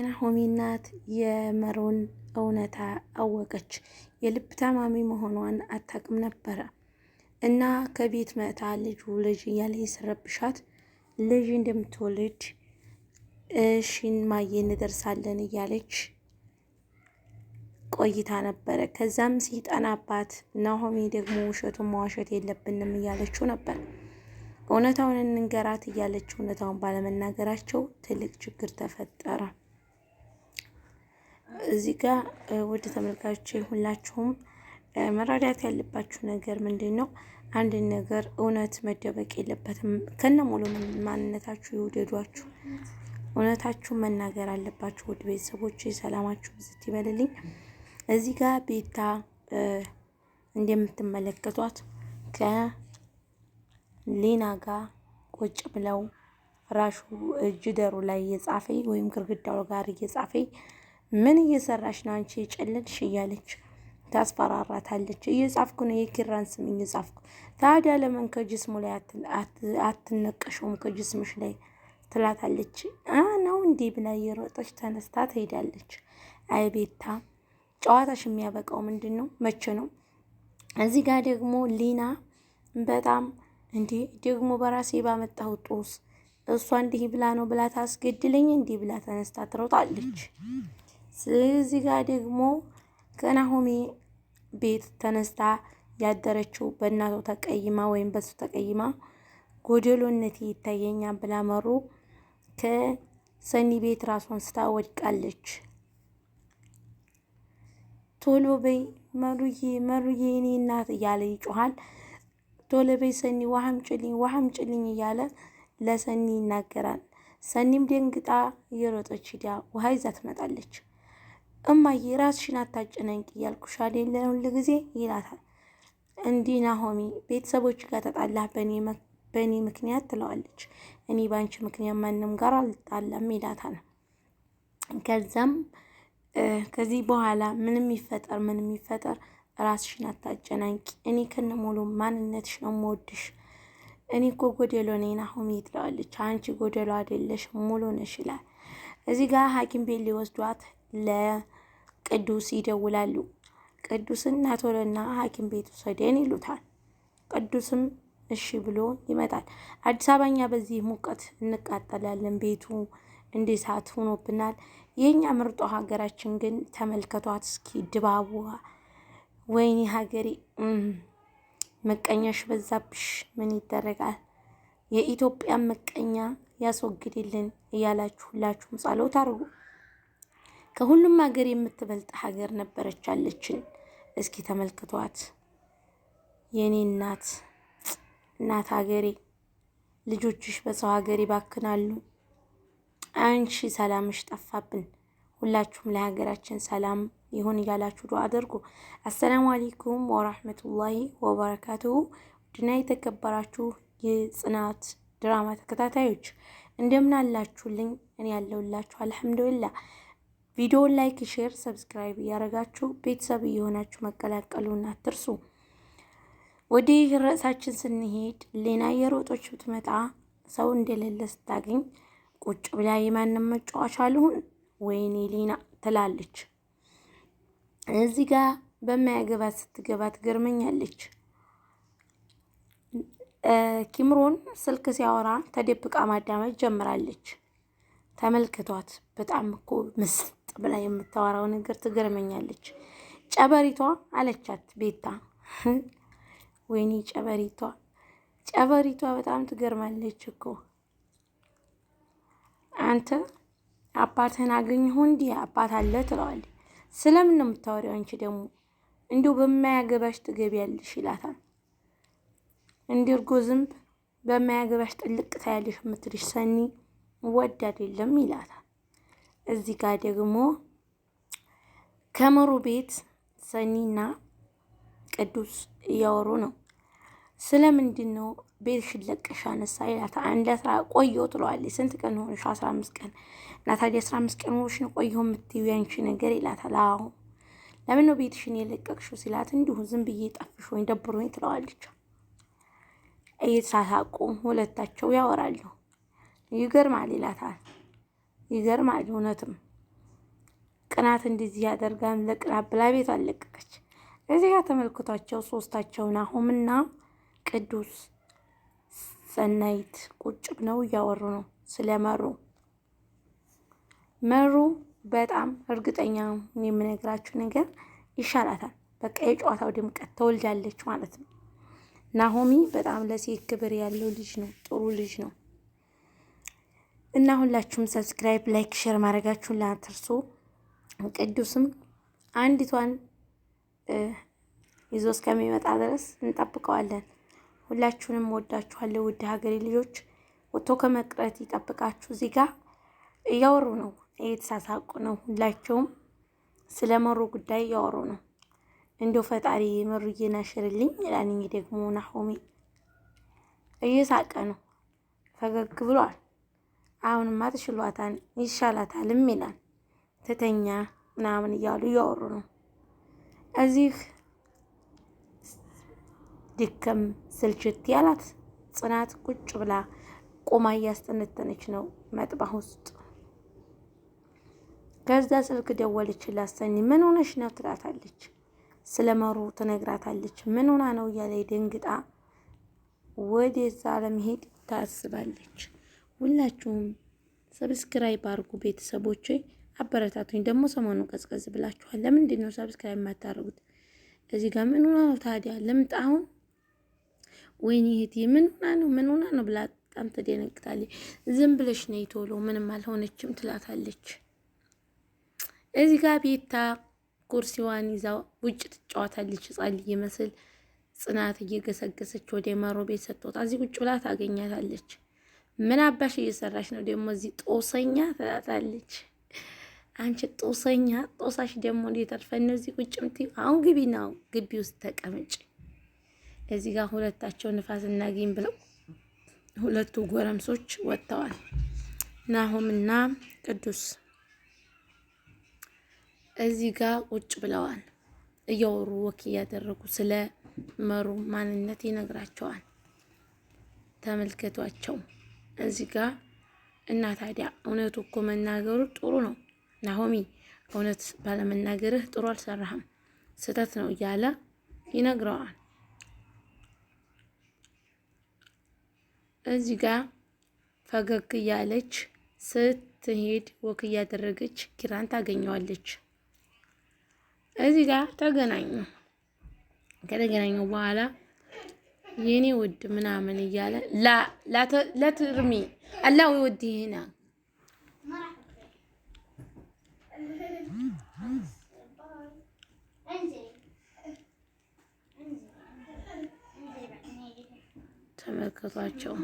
የናሆሚ እናት የመሮን እውነታ አወቀች። የልብ ታማሚ መሆኗን አታውቅም ነበረ እና ከቤት መታ ልጁ ልጅ እያለ የሰረብሻት ልጅ እንደምትወልድ እሽን ማየ እንደርሳለን እያለች ቆይታ ነበረ። ከዛም ሲጠናባት ናሆሚ ደግሞ ውሸቱን መዋሸት የለብንም እያለችው ነበር። እውነታውን እንንገራት እያለች እውነታውን ባለመናገራቸው ትልቅ ችግር ተፈጠረ። እዚህ ጋር ውድ ተመልካች ሁላችሁም መረዳት ያለባችሁ ነገር ምንድን ነው? አንድን ነገር እውነት መደበቅ የለበትም። ከነ ሙሉ ማንነታችሁ ይውደዷችሁ፣ እውነታችሁ መናገር አለባችሁ። ውድ ቤተሰቦች ሰላማችሁ ብዝት ይበልልኝ። እዚህ ጋር ቤታ እንደምትመለከቷት ከሌና ጋር ቁጭ ብለው ራሹ ደሩ ላይ እየጻፈ ወይም ግርግዳው ጋር እየጻፈ ምን እየሰራሽ ነው አንቺ የጨለልሽ እያለች ታስፈራራታለች። እየጻፍኩ ነው የኪራን ስም እየጻፍኩ። ታዲያ ለምን ከጅስሙ ላይ አትነቀሸውም ከጅስምሽ ላይ ትላታለች። ነው እንዲህ ብላ እየሮጠች ተነስታ ትሄዳለች። አይ ቤታ ጨዋታሽ የሚያበቃው ምንድን ነው? መቼ ነው? እዚህ ጋር ደግሞ ሊና በጣም እንዴ ደግሞ በራሴ ባመጣው ጦስ እሷ እንዲህ ብላ ነው ብላ ታስገድለኝ እንዲህ ብላ ተነስታ ትሮጣለች። እዚህ ጋር ደግሞ ከናሆሜ ቤት ተነስታ ያደረችው በእናቱ ተቀይማ ወይም በሱ ተቀይማ ጎደሎነቴ ይታየኛል ብላ መሩ ከሰኒ ቤት ራሷን ስታ ወድቃለች። ቶሎ በይ መሩዬ፣ መሩዬ እኔ እናት እያለ ይጮሃል። ቶሎ በይ ሰኒ፣ ውሃም አምጪልኝ፣ ውሃም ጭልኝ እያለ ለሰኒ ይናገራል። ሰኒም ደንግጣ እየሮጠች ሂዳ ውሃ ይዛ ትመጣለች። እማዬ ራስሽን አታጨነቂ እያልኩሽ አይደል ሁልጊዜ ይላታል። እንዲህ ናሆሚ ቤተሰቦች ጋር ተጣላህ በእኔ ምክንያት ትለዋለች። እኔ በአንቺ ምክንያት ማንም ጋር አልጣላም ይላታል። ከዛም ከዚህ በኋላ ምንም ይፈጠር ምንም ይፈጠር ራስሽን አታጨናንቂ፣ እኔ ከነሙሉ ማንነትሽ ነው የምወድሽ። እኔ እኮ ጎደሎ ነኝ ናሆሚ ትለዋለች። አንቺ ጎደሎ አይደለሽ ሙሉ ነሽ ይላል። እዚህ ጋር ሐኪም ቤት ሊወስዷት ለ ቅዱስ ይደውላሉ። ቅዱስን ናቶልና ሐኪም ቤት ውሰደን ይሉታል። ቅዱስም እሺ ብሎ ይመጣል። አዲስ አበባኛ በዚህ ሙቀት እንቃጠላለን። ቤቱ እንደ እሳት ሆኖብናል። የእኛ ምርጦ ሀገራችን ግን ተመልከቷት እስኪ ድባቡዋ። ወይኔ ሀገሬ መቀኛሽ በዛብሽ። ምን ይደረጋል? የኢትዮጵያን መቀኛ ያስወግድልን እያላችሁ ሁላችሁም ጸሎት አድርጉ። ከሁሉም ሀገር የምትበልጥ ሀገር ነበረች አለችን። እስኪ ተመልክቷት የኔ እናት እናት ሀገሬ፣ ልጆችሽ በሰው ሀገር ይባክናሉ። አንቺ ሰላምሽ ጠፋብን። ሁላችሁም ለሀገራችን ሰላም ይሁን እያላችሁ ዱዓ አድርጉ። አሰላሙ አሌይኩም ወራህመቱላሂ ወበረካቱሁ። ድና የተከበራችሁ የጽናት ድራማ ተከታታዮች እንደምን አላችሁልኝ? እኔ ያለውላችሁ አልሐምዱሊላህ። ቪዲዮን ላይክ፣ ሼር፣ ሰብስክራይብ እያደረጋችሁ ቤተሰብ እየሆናችሁ መቀላቀሉን አትርሱ። ወዲህ ርዕሳችን ስንሄድ ሌና የሮጦች ብትመጣ ሰው እንደሌለ ስታገኝ ቁጭ ብላ የማንም መጫወቻ ልሁን ወይኔ ሌና ትላለች። እዚህ ጋር በማያገባት ስትገባ ትገርመኛለች። ኪምሮን ስልክ ሲያወራ ተደብቃ ማዳመጥ ጀምራለች። ተመልክቷት። በጣም እኮ ምስጥ ብላ የምታወራው ነገር ትገርመኛለች። ጨበሪቷ አለቻት ቤታ። ወይኔ ጨበሪቷ ጨበሪቷ በጣም ትገርማለች እኮ አንተ አባትህን አገኘሁ እንዲህ አባት አለ ትለዋል። ስለምን ነው የምታወሪው አንቺ ደግሞ እንዲሁ በማያገባሽ ትገቢያለሽ ይላታል። እንዲርጎ ዝንብ በማያገባሽ ጥልቅ ታያለሽ የምትልሽ ሰኒ ወድ አይደለም ይላታል። እዚህ ጋር ደግሞ ከመሩ ቤት ሰኒና ቅዱስ እያወሩ ነው። ስለምንድን ነው ቤትሽን ለቀሽ አነሳ ይላታል። አንድ አስራ ቆየሁ ትለዋለች። ስንት ቀን ሆንሽ? አስራ አምስት ቀን እና ታዲያ አስራ አምስት ቀን ሆንሽ ነው ቆየሁ የምትይው ያንቺ ነገር ይላታል። አዎ ለምን ነው ቤትሽን የለቀቅሽው ሲላት፣ እንዲሁ ዝም ብዬ ጠፍሽ ወይ ደብሮኝ ትለዋለች። እየተሳሳቁ ሁለታቸው ያወራሉ። ይገርማል ይላታል። ይገርማል እውነትም ቅናት እንደዚህ ያደርጋል። ለቅናት ብላ ቤቷ አለቀቀች። እዚህ ጋር ተመልክቷቸው ሶስታቸውን አሁምና ቅዱስ ሰናይት ቁጭ ብለው እያወሩ ነው ስለ መሩ። መሩ በጣም እርግጠኛ የምነግራችሁ ነገር ይሻላታል። በቃ የጨዋታው ድምቀት ተወልዳለች ማለት ነው። ናሆሚ በጣም ለሴት ክብር ያለው ልጅ ነው። ጥሩ ልጅ ነው። እና ሁላችሁም ሰብስክራይብ፣ ላይክ፣ ሼር ማድረጋችሁን ላትርሱ። ቅዱስም አንዲቷን ይዞ እስከሚመጣ ድረስ እንጠብቀዋለን። ሁላችሁንም ወዳችኋለሁ። ውድ ሀገሬ ልጆች ወጥቶ ከመቅረት ይጠብቃችሁ። እዚህ ጋር እያወሩ ነው፣ እየተሳሳቁ ነው። ሁላቸውም ስለ መሩ ጉዳይ እያወሩ ነው። እንዲያው ፈጣሪ መሩ እየናሽርልኝ ይላል። ደግሞ ናሆሜ እየሳቀ ነው፣ ፈገግ ብሏል። አሁን ትሽሏታል ይሻላታልም ይላል። ትተኛ ምናምን እያሉ እያወሩ ነው። እዚህ ድከም ስልችት ያላት ጽናት ቁጭ ብላ ቆማ እያስጠነጠነች ነው መጥባህ ውስጥ። ከዛ ስልክ ደወለችላት ሰኒ። ምን ሆነሽ ነው ትላታለች። ስለመሩ ትነግራታለች። ምን ሆና ነው እያለ ደንግጣ ወደዛ ለመሄድ ታስባለች። ሁላችሁም ሰብስክራይብ አድርጉ ቤተሰቦቼ፣ አበረታቱኝ። ደግሞ ሰሞኑ ቀዝቀዝ ብላችኋል። ለምንድን ነው ሰብስክራይብ የማታደርጉት? እዚህ ጋር ምን ሆና ነው ታዲያ? ልምጣ አሁን? ወይኔ እህቴ ምን ሆና ነው ምን ሆና ነው ብላ በጣም ተደነግጣለች። ዝም ብለሽ ነይ ቶሎ፣ ምንም አልሆነችም ትላታለች። እዚህ ጋር ቤታ ኩርሲዋን ይዛ ውጭ ትጫወታለች። ጻል ይመስል ጽናት እየገሰገሰች ወደ መሮ ቤት ሰጥቶታ እዚህ ቁጭ ብላ ታገኛታለች። ምን አባሽ እየሰራሽ ነው ደግሞ እዚህ ጦሰኛ ትላታለች። አንቺ ጦሰኛ ጦሳሽ ደግሞ እንዴት አልፈን ነው እዚህ ቁጭ እምትይው? አሁን ግቢ ነው ግቢ ውስጥ ተቀምጭ። እዚህ ጋር ሁለታቸው ንፋስ እናግኝ ብለው ሁለቱ ጎረምሶች ወጥተዋል። ናሆምና ቅዱስ እዚህ ጋር ቁጭ ብለዋል። እያወሩ ወክ እያደረጉ ስለ መሩ ማንነት ይነግራቸዋል። ተመልከቷቸው። እዚህ ጋ እና ታዲያ እውነቱ እኮ መናገሩ ጥሩ ነው ናሆሚ፣ እውነት ባለመናገርህ ጥሩ አልሰራህም፣ ስህተት ነው እያለ ይነግረዋል። እዚህ ጋ ፈገግ እያለች ስትሄድ ወክ እያደረገች ኪራን ታገኘዋለች። እዚህ ጋ ተገናኙ። ከተገናኙ በኋላ የኔ ውድ ምናምን እያለ ለትርሚ አላዊ ወይ ውድ ይሄና ተመልከቷቸው።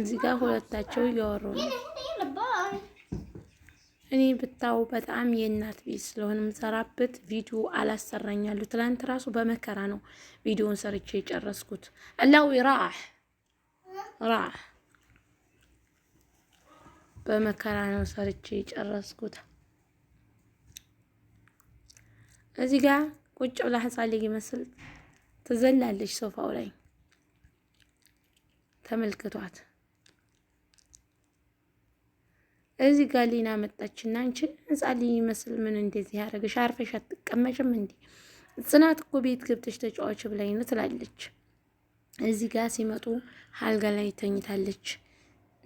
እዚህ ጋር ሁለታቸው እያወሩ ነው። እኔ ብታው በጣም የእናት ቤት ስለሆነ የምሰራበት ቪዲዮ አላሰራኛሉ። ትላንት ራሱ በመከራ ነው ቪዲዮን ሰርቼ የጨረስኩት። አላዊ ራህ ራህ በመከራ ነው ሰርቼ የጨረስኩት። እዚህ ጋ ቁጭ ብላ ህጻን ልጅ ይመስል ትዘላለች ሶፋው ላይ ተመልክቷት እዚህ ጋር ሊና መጣችና አንቺ ህንፃ ልጅ ይመስል ምን እንደዚህ ያደረግሽ? አርፈሽ አትቀመጭም እንዴ? ጽናት እኮ ቤት ገብተሽ ተጫዋች ብላኝ ነው ትላለች። እዚህ ጋር ሲመጡ አልጋ ላይ ተኝታለች።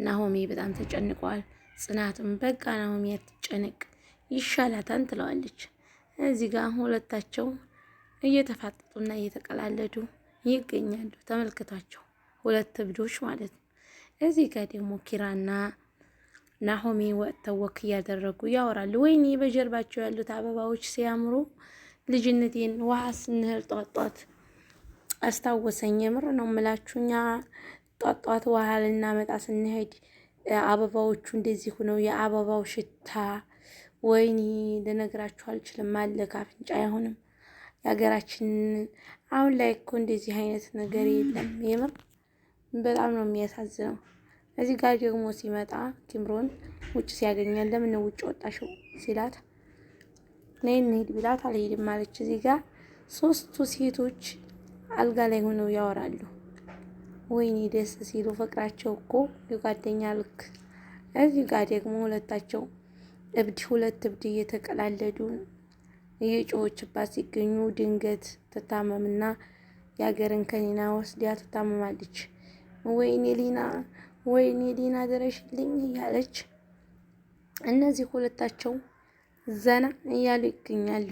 ናሆሜ በጣም ተጨንቀዋል። ጽናትም በቃ ናሆሜ አትጨንቅ ይሻላታን ትለዋለች። እዚህ ጋር ሁለታቸው እየተፋጠጡና እየተቀላለዱ ይገኛሉ። ተመልክቷቸው ሁለት እብዶች ማለት ነው። እዚህ ጋር ደግሞ ኪራና ናሆሜ ወጥተው ወክ እያደረጉ ያወራሉ። ወይኔ በጀርባቸው ያሉት አበባዎች ሲያምሩ ልጅነቴን ውሃ ስንህል ጧት አስታወሰኝ። የምር ነው የምላችሁ። እኛ ጧጧት ጧት ውሃ ልናመጣ ስንሄድ አበባዎቹ እንደዚህ ሆነው የአበባው ሽታ ወይኒ ልነግራችሁ አልችልም። አለ ካፍንጫ አይሆንም። የሀገራችን አሁን ላይ እኮ እንደዚህ አይነት ነገር የለም። የምር በጣም ነው የሚያሳዝነው። እዚህ ጋር ደግሞ ሲመጣ ኪምሮን ውጭ ሲያገኛል ለምን ውጭ ወጣሽው ሲላት ነይ እንሂድ ቢላት አልሄድም ማለች። እዚህ ጋር ሶስቱ ሴቶች አልጋ ላይ ሆነው ያወራሉ። ወይኔ ደስ ሲሉ ፍቅራቸው እኮ የጓደኛ ልክ። እዚህ ጋር ደግሞ ሁለታቸው እብድ ሁለት እብድ እየተቀላለዱ እየጮኸችባት ሲገኙ ድንገት ትታመምና የሀገርን ከኒና ወስዲያ ትታመማለች። ወይኔ ሊና ወይኔ ዲና ድረሽልኝ እያለች እነዚህ ሁለታቸው ዘና እያሉ ይገኛሉ።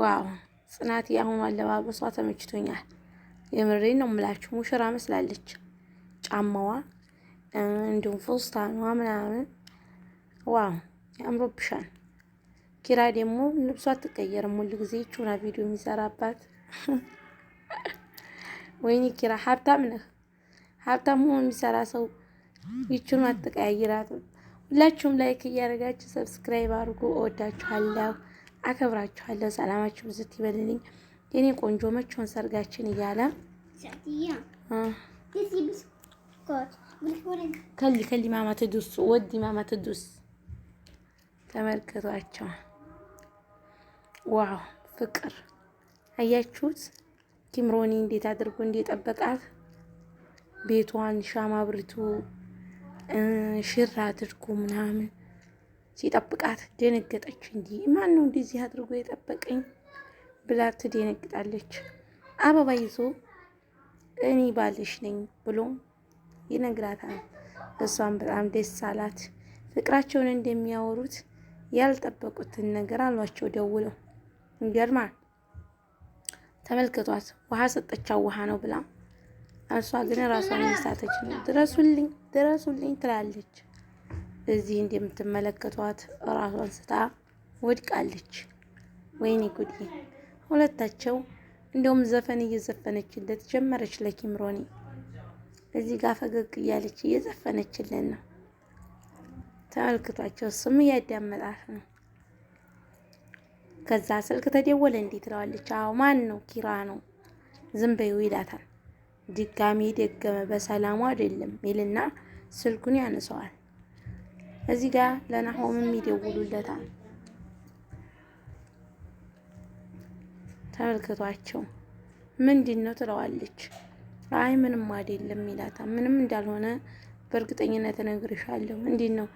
ዋው ጽናት የአሁኑ አለባበሷ ተመችቶኛል። የምሬ ነው ምላችሁ፣ ሙሽራ መስላለች። ጫማዋ እንዲሁም ፎስታኗ ምናምን ዋው ያምሮብሻል። ኪራ ደግሞ ልብሷ አትቀየርም፣ ሁሉ ጊዜ ችና ቪዲዮ የሚሰራባት ወይኔ ኪራ ሀብታም ነህ። ሀብታም ሆኖ የሚሰራ ሰው ይችኑ አትቀያይራትም። ሁላችሁም ላይክ እያደረጋችሁ ሰብስክራይብ አድርጉ። እወዳችኋለሁ፣ አከብራችኋለሁ። ሰላማችሁ ብዝት ይበልልኝ የኔ ቆንጆ። መቼውን ሰርጋችን እያለ ከሊ ከሊ ማማ ትዱስ ወዲ ማማ ትዱስ ተመልከቷቸው። ዋው ፍቅር አያችሁት? ኪምሮኒ እንዴት አድርጎ እንዴት ጠበቃት ቤቷን ሻማ ብርቱ ሽር አድርጎ ምናምን ሲጠብቃት ደነገጠች። እንጂ ማን ነው እንደዚህ አድርጎ የጠበቀኝ ብላ ትደነግጣለች። አበባ ይዞ እኔ ባልሽ ነኝ ብሎ ይነግራታል። እሷም በጣም ደስ አላት። ፍቅራቸውን እንደሚያወሩት ያልጠበቁትን ነገር አሏቸው ደውለው። ይገርማል። ተመልክቷት ውሃ ሰጠቻው ውሃ ነው ብላ እርሷ ግን ራሷን እየሳተች ነው። ድረሱልኝ ድረሱልኝ ትላለች። እዚህ እንደምትመለከቷት ራሷን ስታ ወድቃለች። ወይኔ ጉዴ! ሁለታቸው እንደውም ዘፈን እየዘፈነችለት ጀመረች። ለኪምሮኒ እዚህ ጋር ፈገግ እያለች እየዘፈነችልን ነው። ተመልክቷቸው እሱም እያዳመጣት ነው። ከዛ ስልክ ተደወለ። እንዴት ትለዋለች? አዎ ማን ነው? ኪራ ነው። ዝም በይው ይላታል። ድጋሚ ደገመ። በሰላሙ አይደለም ይልና ስልኩን ያነሰዋል። እዚህ ጋር ለናሆምም ይደውሉለታል። ተመልክቷቸው ምንድን ነው ትለዋለች። አይ ምንም አይደለም ይላታ። ምንም እንዳልሆነ በእርግጠኝነት እነግርሻለሁ። እንዴት ነው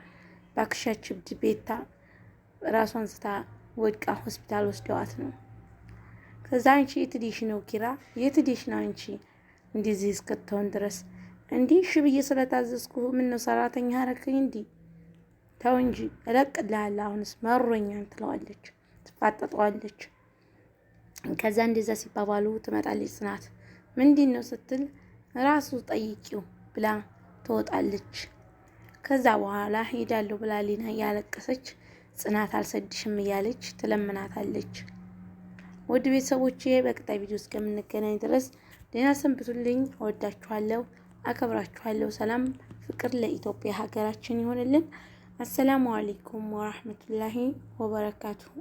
ባክሻች ቤታ ራሷን ስታ ወድቃ ሆስፒታል ወስደዋት ነው። ከዛ አንቺ የትዴሽ ነው ኪራ የትዲሽ ነው አንቺ እንደዚህ እስክትሆን ድረስ እንዲህ እሺ ብዬ ስለታዘዝኩ ምን ነው ሰራተኛ አደረግከኝ? እንዲህ ተው እንጂ እለቅልሃለሁ። አሁንስ መሮኛል ትለዋለች፣ ትፋጠጠዋለች። ከዛ እንደዛ ሲባባሉ ትመጣለች ጽናት። ምንድን ነው ስትል ራሱ ጠይቂው ብላ ትወጣለች። ከዛ በኋላ ሄዳለሁ ብላ ሊና እያለቀሰች ጽናት አልሰድሽም እያለች ትለምናታለች። ውድ ቤተሰቦቼ በቀጣይ ቪዲዮ እስከምንገናኝ ድረስ ደህና ሰንብቱልኝ። ወዳችኋለሁ፣ አከብራችኋለሁ። ሰላም ፍቅር ለኢትዮጵያ ሀገራችን ይሆንልን። አሰላሙ አለይኩም ወራህመቱላሂ ወበረካቱሁ።